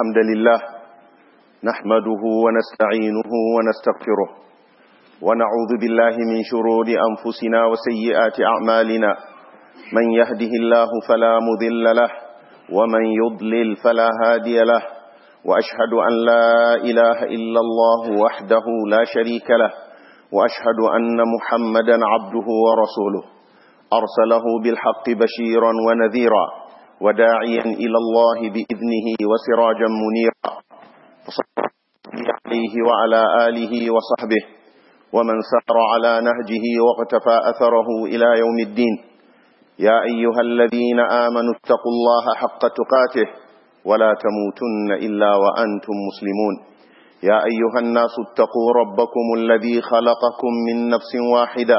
الحمد لله نحمده ونستعينه ونستغفره ونعوذ بالله من شرور أنفسنا وسيئات أعمالنا من يهده الله فلا مذل له ومن يضلل فلا هادي له وأشهد أن لا إله إلا الله وحده لا شريك له وأشهد أن محمدا عبده ورسوله أرسله بالحق بشيرا ونذيرا وداعيا إلى الله بإذنه وسراجا منيرا عليه وعلى آله وصحبه ومن سار على نهجه واقتفى أثره إلى يوم الدين يا أيها الذين آمنوا اتقوا الله حق تقاته ولا تموتن إلا وأنتم مسلمون يا أيها الناس اتقوا ربكم الذي خلقكم من نفس واحدة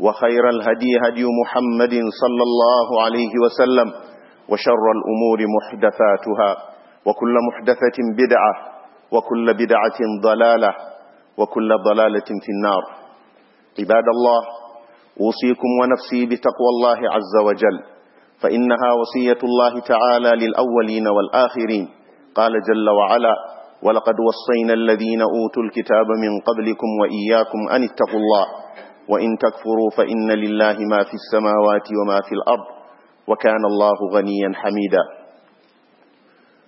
وخير الهدي هدي محمد صلى الله عليه وسلم وشر الأمور محدثاتها وكل محدثة بدعة وكل بدعة ضلالة وكل ضلالة في النار عباد الله أوصيكم ونفسي بتقوى الله عز وجل فإنها وصية الله تعالى للأولين والآخرين قال جل وعلا ولقد وصينا الذين أوتوا الكتاب من قبلكم وإياكم أن اتقوا الله وإن تكفروا فإن لله ما في السماوات وما في الأرض وكان الله غنيا حميدا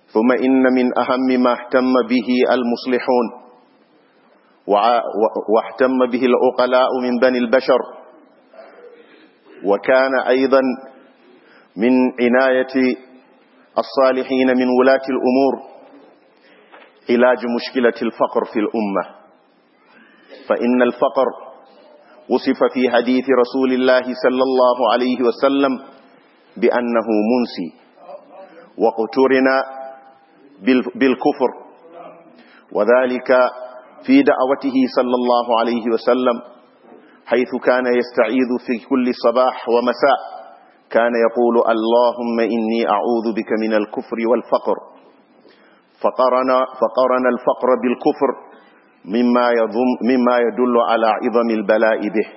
ثم إن من أهم ما اهتم به المصلحون واهتم به العقلاء من بني البشر وكان أيضا من عناية الصالحين من ولاة الأمور علاج مشكلة الفقر في الأمة فإن الفقر وصف في حديث رسول الله صلى الله عليه وسلم بأنه منسي واقترن بالكفر وذلك في دعوته صلى الله عليه وسلم حيث كان يستعيذ في كل صباح ومساء كان يقول اللهم إني أعوذ بك من الكفر والفقر فقرن, فقرن الفقر بالكفر مما, يضم مما يدل على عظم البلاء به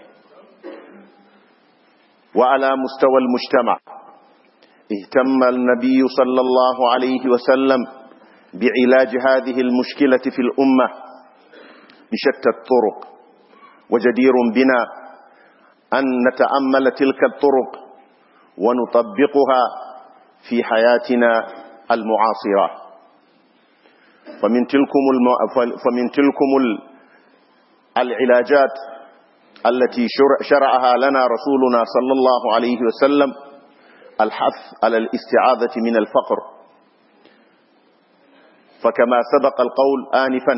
وعلى مستوى المجتمع اهتم النبي صلى الله عليه وسلم بعلاج هذه المشكلة في الأمة بشتى الطرق وجدير بنا أن نتأمل تلك الطرق ونطبقها في حياتنا المعاصرة فمن تلكم الم... فمن تلكم العلاجات التي شرعها لنا رسولنا صلى الله عليه وسلم الحث على الاستعاذة من الفقر فكما سبق القول آنفا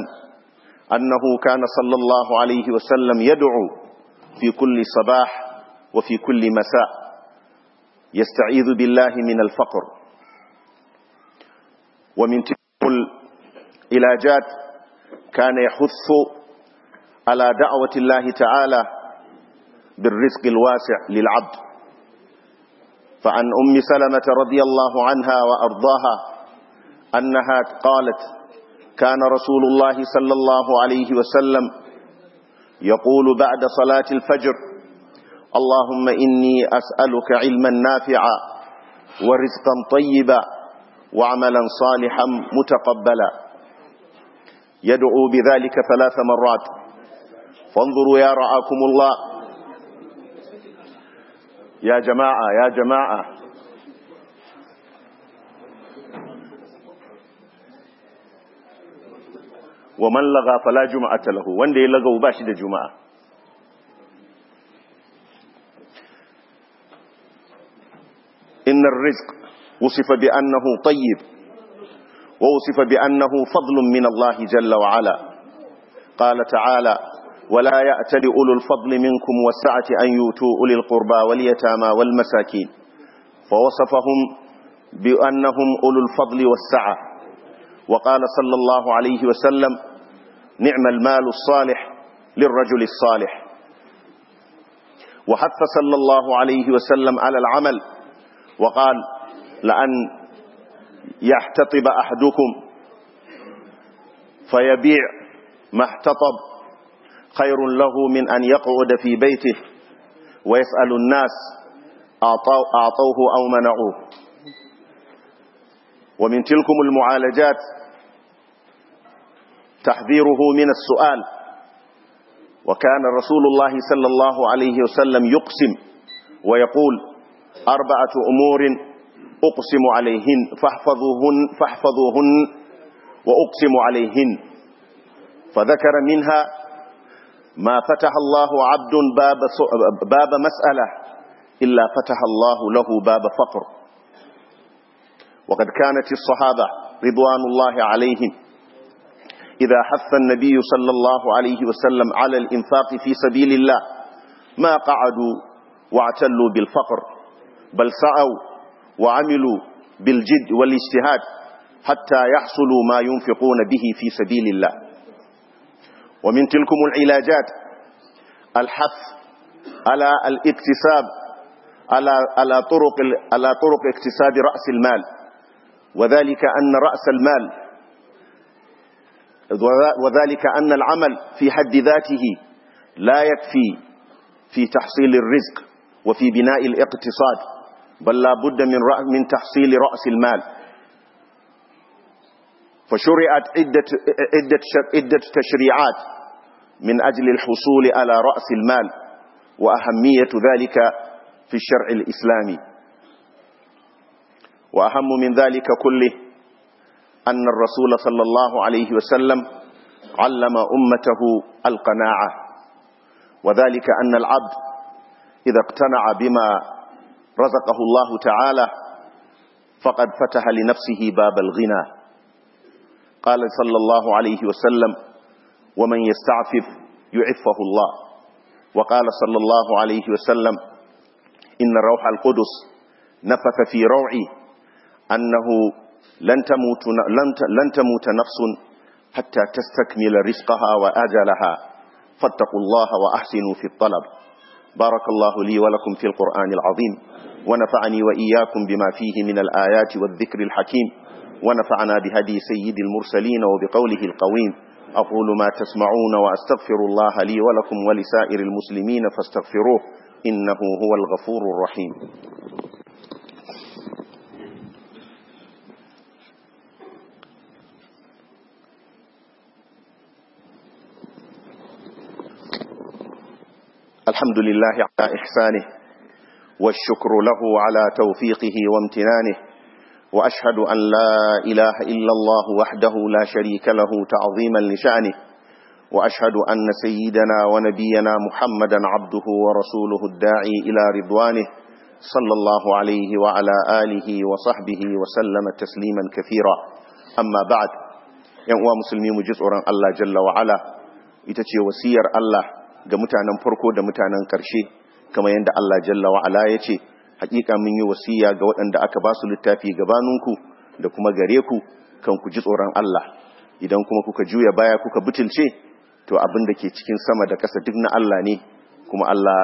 أنه كان صلى الله عليه وسلم يدعو في كل صباح وفي كل مساء يستعيذ بالله من الفقر ومن إلى جاد كان يحث على دعوة الله تعالى بالرزق الواسع للعبد فعن أم سلمة رضي الله عنها وأرضاها أنها قالت كان رسول الله صلى الله عليه وسلم يقول بعد صلاة الفجر اللهم إني أسألك علما نافعا ورزقا طيبا وعملا صالحا متقبلا يدعو بذلك ثلاث مرات فانظروا يا رعاكم الله يا جماعة يا جماعة ومن لغى فلا جمعة له وان لغوا وباشد جمعة إن الرزق وصف بأنه طيب ووصف بأنه فضل من الله جل وعلا قال تعالى ولا يأتل أولو الفضل منكم والسعة أن يؤتوا أولي القربى واليتامى والمساكين فوصفهم بأنهم أولو الفضل والسعة وقال صلى الله عليه وسلم نعم المال الصالح للرجل الصالح وحث صلى الله عليه وسلم على العمل وقال لأن يحتطب أحدكم فيبيع ما احتطب خير له من أن يقعد في بيته ويسأل الناس أعطوه أو منعوه ومن تلكم المعالجات تحذيره من السؤال وكان رسول الله صلى الله عليه وسلم يقسم ويقول أربعة أمور أقسم عليهن فاحفظوهن, فاحفظوهن وأقسم عليهن فذكر منها ما فتح الله عبد باب, باب مسألة إلا فتح الله له باب فقر وقد كانت الصحابة رضوان الله عليهم إذا حث النبي صلى الله عليه وسلم على الإنفاق في سبيل الله ما قعدوا واعتلوا بالفقر بل سعوا وعملوا بالجد والاجتهاد حتى يحصلوا ما ينفقون به في سبيل الله ومن تلكم العلاجات الحث على الاكتساب على على طرق على طرق اكتساب رأس المال وذلك أن رأس المال وذلك أن العمل في حد ذاته لا يكفي في تحصيل الرزق وفي بناء الاقتصاد بل لا بد من من تحصيل راس المال فشرعت عده عده عده تشريعات من اجل الحصول على راس المال واهميه ذلك في الشرع الاسلامي واهم من ذلك كله ان الرسول صلى الله عليه وسلم علم امته القناعه وذلك ان العبد اذا اقتنع بما رزقه الله تعالى فقد فتح لنفسه باب الغنى قال صلى الله عليه وسلم ومن يستعفف يعفه الله وقال صلى الله عليه وسلم إن روح القدس نفث في روعي أنه لن تموت, لن تموت نفس حتى تستكمل رزقها وأجلها فاتقوا الله وأحسنوا في الطلب بارك الله لي ولكم في القرآن العظيم ونفعني وإياكم بما فيه من الآيات والذكر الحكيم ونفعنا بهدي سيد المرسلين وبقوله القويم أقول ما تسمعون وأستغفر الله لي ولكم ولسائر المسلمين فاستغفروه إنه هو الغفور الرحيم الحمد لله على إحسانه والشكر له على توفيقه وامتنانه وأشهد أن لا إله إلا الله وحده لا شريك له تعظيما لشأنه وأشهد أن سيدنا ونبينا محمدا عبده ورسوله الداعي إلى رضوانه صلى الله عليه وعلى آله وصحبه وسلم تسليما كثيرا أما بعد yan uwa musulmi الله جل وعلا Allah وسير الله ga mutanen farko da mutanen ƙarshe kamar yadda Allah jalla Ala ya ce hakika mun yi wasiya ga waɗanda aka ba su littafi gabaninku da kuma gare ku kan ku ji tsoron Allah idan kuma kuka juya baya kuka butulce to abin da ke cikin sama da ƙasa duk na Allah ne kuma Allah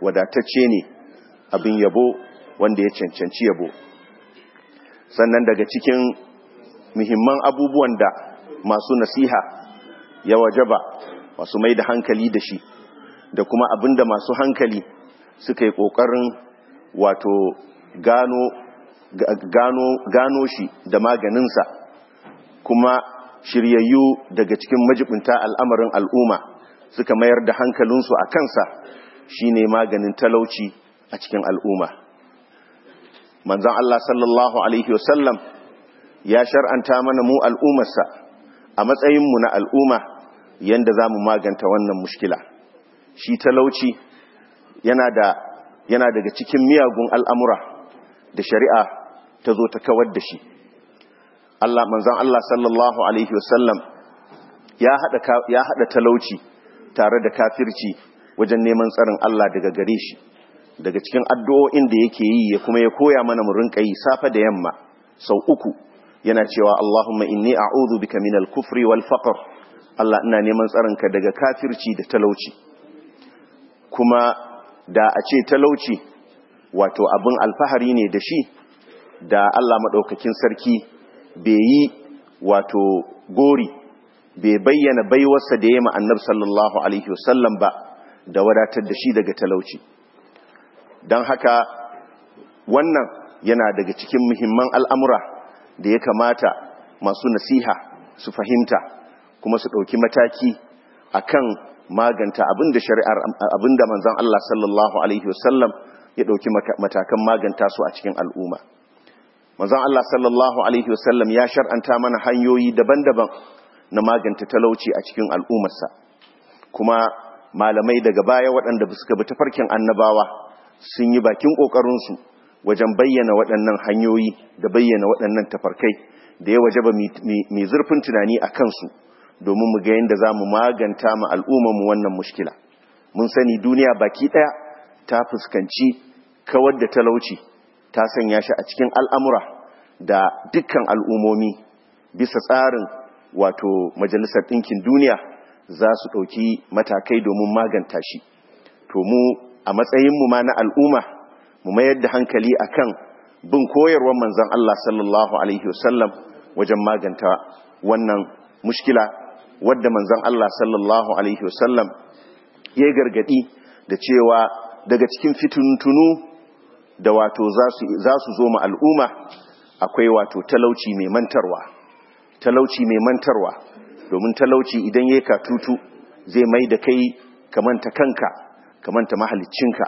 wadatacce ne abin yabo wanda ya cancanci yabo sannan daga cikin muhimman abubuwan da masu nasiha ya wajaba masu mai da hankali da shi da kuma abin da masu hankali suka yi ƙoƙarin wato gano shi da maganinsa kuma shiryayyu daga cikin majibinta al'amarin al'umma suka mayar da hankalinsu a kansa shi ne maganin talauci a cikin al'umma manzan Allah sallallahu Alaihi wasallam ya shar'anta mana mu al'umarsa a matsayinmu na al'umma yadda za mu maganta wannan mushkila. shi talauci yana daga cikin miyagun al'amura da shari'a ta zo ta kawar da shi Allah manzan Allah sallallahu alaihi wasallam ya haɗa talauci tare da kafirci wajen neman tsarin Allah daga gare shi daga cikin addu'o'in da yake yi ya kuma ya koya mana mu rinka yi safe da yamma sau uku yana cewa Allahumma inni a'udu bika minal kufri wal faƙar Allah ina neman tsarinka daga kafirci da talauci kuma da a ce talauci wato abin alfahari ne da shi da Allah maɗaukakin sarki bai yi wato gori bai bayyana baiwarsa da ya ma'annar sallallahu alaihi wasallam ba da wadatar da shi daga talauci don haka wannan yana daga cikin muhimman al'amura da ya kamata masu nasiha su fahimta kuma su ɗauki mataki akan maganta abin da shari'ar abin manzon Allah sallallahu alaihi wasallam ya dauki matakan maganta su a cikin al'umma manzon Allah sallallahu alaihi wasallam ya shar'anta mana hanyoyi daban-daban na maganta talauci a cikin al'ummarsa kuma malamai daga baya waɗanda suka bi tafarkin annabawa sun yi bakin ƙoƙarinsu wajen bayyana waɗannan hanyoyi da bayyana waɗannan tafarkai da ya waje ba mai zurfin tunani a kansu domin mu ga yadda za mu maganta ma al'ummanmu wannan mushkila mun sani duniya baki ɗaya ta fuskanci kawar da talauci ta sanya shi a cikin al'amura da dukkan al'ummomi bisa tsarin wato majalisar ɗinkin duniya za su ɗauki matakai domin maganta shi to mu a matsayinmu ma na al'umma mu mayar da hankali a kan bin koyarwar manzon Allah sallallahu alaihi wasallam wajen maganta wannan mushkila wadda manzan Allah sallallahu alaihi wasallam ya gargadi da cewa daga cikin fituntunu da wato za su zo ma al'umma akwai wato talauci mai mantarwa talauci mai mantarwa domin talauci idan yi katutu zai mai da kai kamanta kanka kamanta mahaliccinka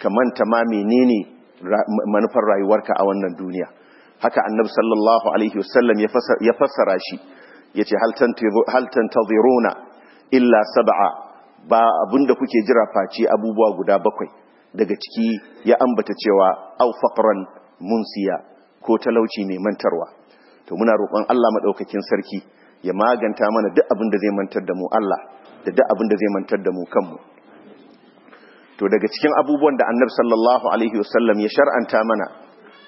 kamanta ma menene manufar rayuwarka a wannan duniya haka annabi sallallahu alaihi wasallam ya fassara shi yace hal tantaziruna illa saba'a ba abinda kuke jira face abubuwa guda bakwai daga ciki ya ambata cewa au faqran munsiya ko talauci mai mantarwa to muna roƙon Allah madaukakin sarki ya maganta mana duk abin da zai mantar da mu Allah da duk abin da zai mantar da mu kanmu to daga cikin abubuwan da annabi sallallahu alaihi wasallam ya shar'anta mana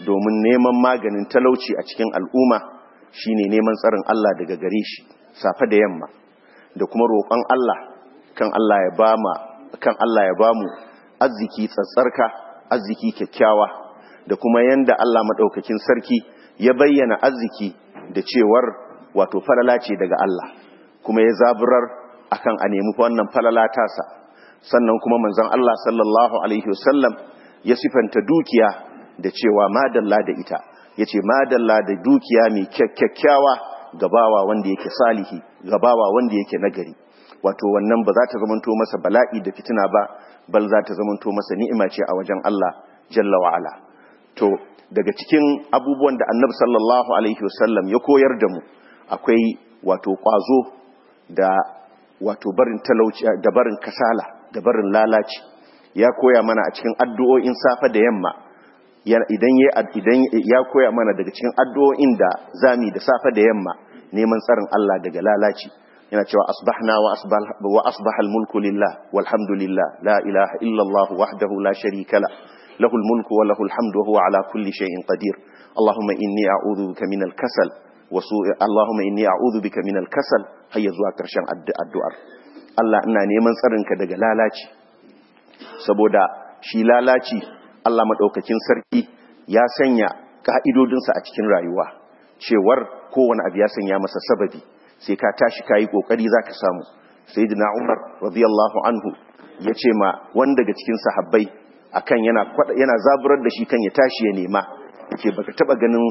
domin neman maganin talauci a cikin al'umma shine neman tsarin Allah daga gare shi safe da yamma da kuma roƙon Allah kan Allah ya ba mu kan Allah ya arziki tsatsarka arziki kyakkyawa da kuma yanda Allah madaukakin sarki ya bayyana arziki da cewar wato falala ce daga Allah kuma ya zaburar akan a nemi wannan falala tasa sannan kuma manzon Allah sallallahu alaihi wasallam ya sifanta dukiya da cewa madalla da ita Ya ce madalla da dukiya mai kyakkyawa gabawa wanda yake salihi gabawa wanda yake nagari wato wannan ba za ta zamanto masa bala'i da fitina ba bal za ta zamanto masa ni'ima ce a wajen Allah jalla wa ala to daga cikin abubuwan da Annabi sallallahu alaihi wasallam ya koyar da mu akwai wato kwazo da wato barin talauci da barin kasala da barin lalaci ya koya mana a cikin addu'o'in safa da yamma idan ya koya mana daga cikin addu'o'in da zami da safe da yamma neman tsarin Allah daga lalaci yana cewa asbahna wa asbahal mulku lillah walhamdulillah la ilaha illallah wahdahu la sharikala lahul mulku wa lahul hamdu wa huwa ala kulli shay'in qadir allahumma inni a'udhu bika min al-kasal wa su'i allahumma inni a'udhu bika min al-kasal hayya zuwa karshen addu'ar Allah ina neman tsarinka daga lalaci saboda shi lalaci Allah maɗaukakin sarki ya sanya ƙa'idodinsa a cikin rayuwa cewar kowane abu ya sanya masa sababi sai ka tashi ka yi ƙoƙari za ka samu sai umar radiyallahu anhu ya ce ma wani daga cikin sahabbai akan yana yana zaburar da shi kan ya tashi ya nema ke baka taɓa ganin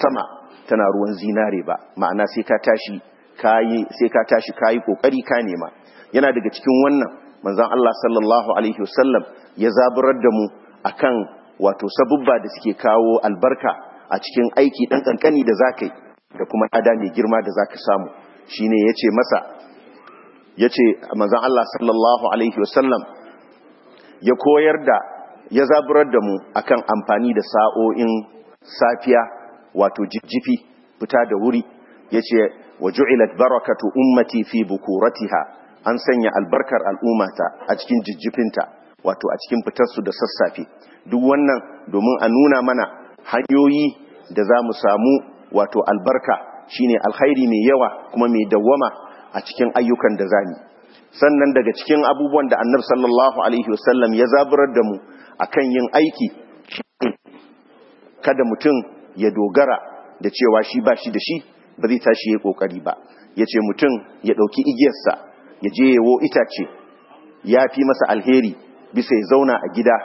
sama tana ruwan zinare ba ma'ana sai ka tashi kayi sai ka tashi kayi kokari ka nema yana daga cikin wannan manzon Allah sallallahu alaihi wasallam ya zaburar da mu akan wato sabubba da suke kawo albarka a cikin aiki dan kankani da zakai da kuma ada mai girma da zaka samu shine yace masa yace manzon Allah sallallahu alaihi wasallam ya koyar da ya zaburar da mu akan amfani da sa'o'in safiya wato jijjifi fita da wuri yace ju'ilat barakatu ummati fi bukuratiha an sanya albarkar al'umata a cikin jijjifinta wato a cikin fitarsu da sassafe duk wannan domin a nuna mana hanyoyi da za mu samu wato albarka shine alkhairi mai yawa kuma mai dawwama a cikin ayyukan da zamu sannan daga cikin abubuwan da annabi sallallahu alaihi wasallam ya zaburar da mu a kan yin aiki kada mutum ya dogara da cewa shi ba shi da shi ba zai tashi ya kokari ba ya ce mutum ya ɗauki igiyarsa ya je yawo itace ya fi masa alheri bisa ya zauna a gida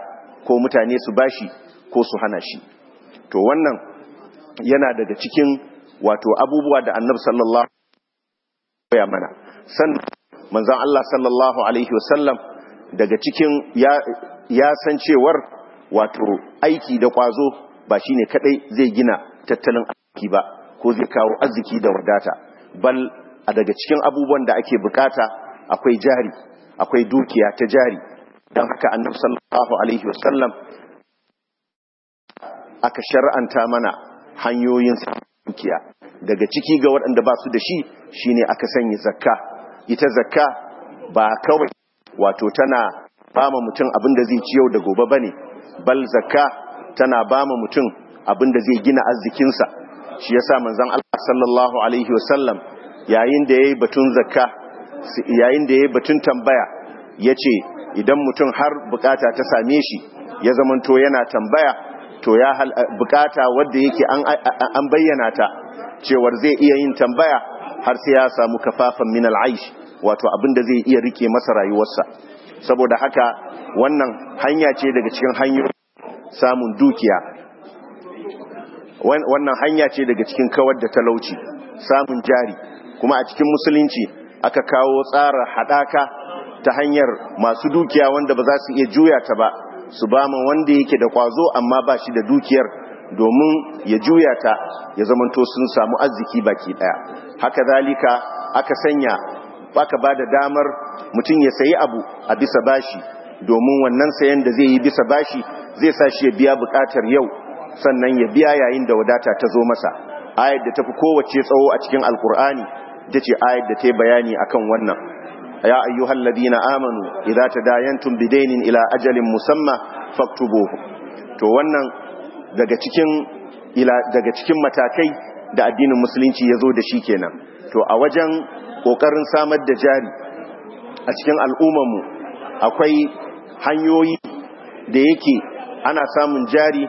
ko mutane su bashi ko su hana shi to wannan yana daga cikin wato abubuwa da annab sallallahu ya mana san manzon Allah sallallahu alaihi wasallam daga cikin ya, ya san cewar wato aiki da kwazo ba shine kadai zai gina tattalin arziki ba ko zai kawo arziki da wadata bal a daga cikin abubuwan da ake bukata akwai jari akwai dukiya ta jari don haka annabi sallallahu alaihi wasallam aka shar'anta mana hanyoyin dukiya daga ciki ga waɗanda ba su da shi shine aka sanya zakka ita zakka ba kawai wato tana bama mutum abin da zai yau da gobe bane bal zakka tana bama mutum abin da zai gina arzikinsa shi yasa manzon Allah sallallahu alaihi wasallam yayin da yayi batun zakka yayin da yayi batun tambaya yace idan mutum har bukata ta same shi ya to yana tambaya to ya eh, bukata wadda yake an bayyana ta cewar zai iya yin tambaya har sai ya samu kafafan min al'aish wato abinda zai iya rike masa rayuwarsa saboda haka wannan hanya ce daga cikin hanyoyin samun dukiya wannan hanya ce daga cikin kawar da talauci samun jari kuma a cikin musulunci aka kawo tsara haɗaka. ta hanyar masu dukiya wanda ba za su iya juya ta ba su ba ma wanda yake da kwazo amma ba shi da dukiyar domin ya juya ta ya zamanto sun samu arziki baki daya haka zalika aka sanya aka ba da damar mutum ya sayi abu a bisa bashi domin wannan sayan da zai yi bisa bashi zai sa shi ya biya bukatar yau sannan ya biya yayin da wadata ta zo masa ayar da tafi kowace tsawo a cikin alkur'ani ta ce ayar da ta yi bayani akan wannan يا أيها الذين آمنوا إذا تداينتم بدين إلى أجل مسمى فاكتبوه to wannan daga cikin ila daga cikin matakai da addinin musulunci ya zo da shi kenan to a wajen kokarin samar da jari a cikin mu akwai hanyoyi da yake ana samun jari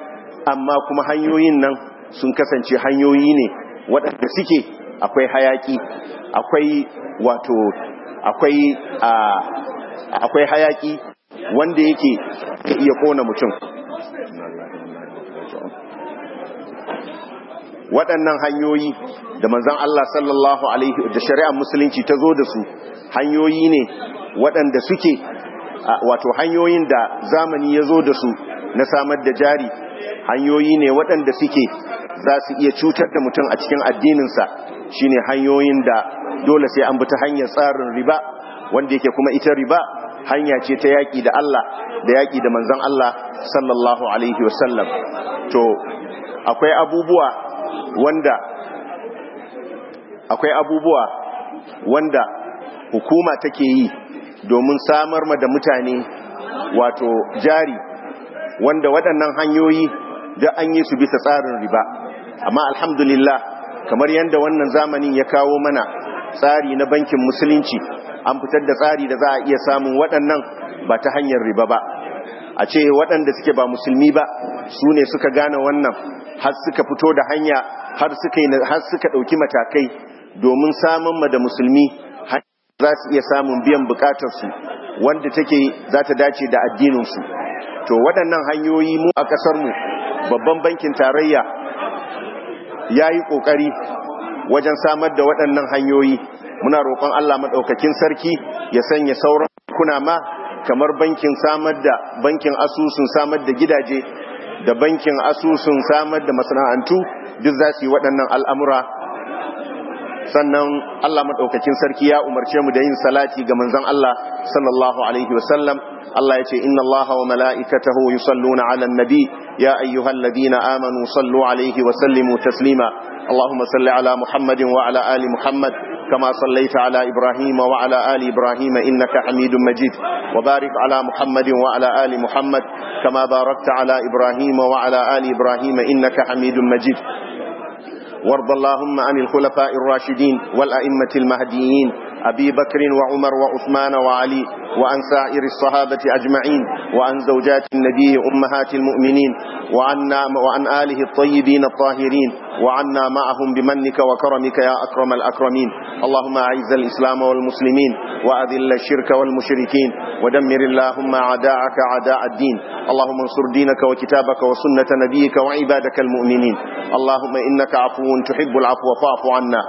amma kuma hanyoyin nan sun kasance hanyoyi ne waɗanda suke akwai hayaki akwai wato akwai akwai hayaki wanda yake ka iya kona mutum waɗannan hanyoyi da manzan Allah sallallahu alaihi da shari'ar musulunci ta zo da su hanyoyi ne waɗanda suke wato hanyoyin da zamani ya zo da su na samar da jari hanyoyi ne waɗanda suke za su iya cutar da mutum a cikin addininsa shine hanyoyin da dole sai an bi hanyar tsarin riba wanda yake kuma ita riba hanya ce ta yaƙi da Allah da yaƙi da manzon Allah sallallahu alaihi wasallam to akwai abubuwa wanda akwai abubuwa wanda hukuma take yi domin samar ma da mutane wato jari wanda waɗannan hanyoyi da an yi su bisa tsarin riba amma alhamdulillah kamar yadda wannan zamanin ya kawo mana tsari na bankin musulunci an fitar da tsari da za a iya samun waɗannan ba ta hanyar riba ba a ce waɗanda suke ba musulmi ba su ne suka gane wannan har suka fito da hanya har suka ɗauki matakai domin samun ma da musulmi za su iya samun biyan bukatarsu wanda take za ta dace da addininsu to waɗannan hanyoyi mu a ƙasarmu babban bankin tarayya ya yi ƙoƙari wajen samar da waɗannan hanyoyi muna roƙon Allah maɗaukakin sarki ya sanya sauran kuna ma kamar bankin samar da bankin asusun samar da gidaje da bankin asusun samar da masana'antu duk za su yi waɗannan al'amura sannan Allah maɗaukakin sarki ya umarce mu da yin salati ga manzon Allah sallallahu alaihi wasallam Allah ya ce inna Allah wa mala'ikatahu yusalluna 'alan nabi ya ayyuhalladhina amanu sallu alaihi wa sallimu taslima اللهم صل على محمد وعلى آل محمد كما صليت على إبراهيم وعلى آل إبراهيم إنك حميد مجيد وبارك على محمد وعلى آل محمد كما باركت على إبراهيم وعلى آل إبراهيم إنك حميد مجيد وارض اللهم عن الخلفاء الراشدين والأئمة المهديين أبي بكر وعمر وعثمان وعلي وعن سائر الصحابة أجمعين وعن زوجات النبي أمهات المؤمنين وعنا وعن آله الطيبين الطاهرين وعنا معهم بمنك وكرمك يا أكرم الأكرمين اللهم أعز الإسلام والمسلمين وأذل الشرك والمشركين ودمر اللهم عداءك عداء الدين اللهم انصر دينك وكتابك وسنة نبيك وعبادك المؤمنين اللهم إنك عفو تحب العفو فاعف عنا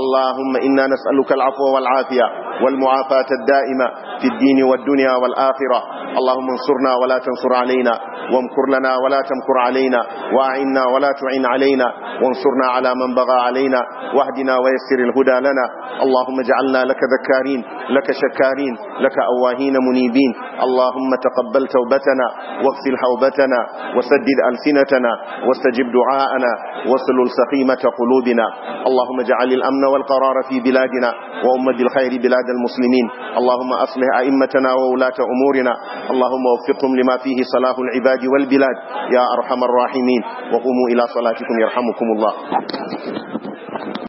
اللهم إنا نسألك العفو والعافية afiya والمعافاة الدائمة في الدين والدنيا والآخرة اللهم انصرنا ولا تنصر علينا وامكر لنا ولا تمكر علينا واعنا ولا تعين علينا وانصرنا على من بغى علينا واهدنا ويسر الهدى لنا اللهم اجعلنا لك ذكارين لك شكارين لك أواهين منيبين اللهم تقبل توبتنا واغسل حوبتنا وسدد ألسنتنا واستجب دعاءنا وسلل سخيمة قلوبنا اللهم اجعل الأمن والقرار في بلادنا وأمة الخير بلاد بلاد المسلمين اللهم أصلح أئمتنا وولاة أمورنا اللهم وفقهم لما فيه صلاح العباد والبلاد يا أرحم الراحمين وقوموا إلى صلاتكم يرحمكم الله